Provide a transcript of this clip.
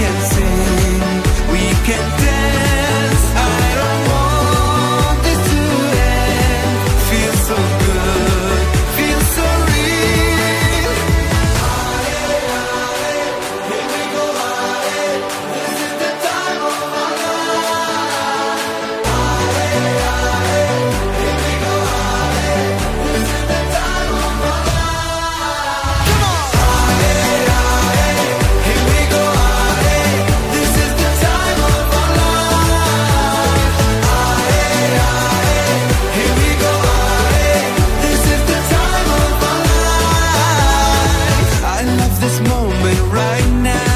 can sing, we can dance. moment right now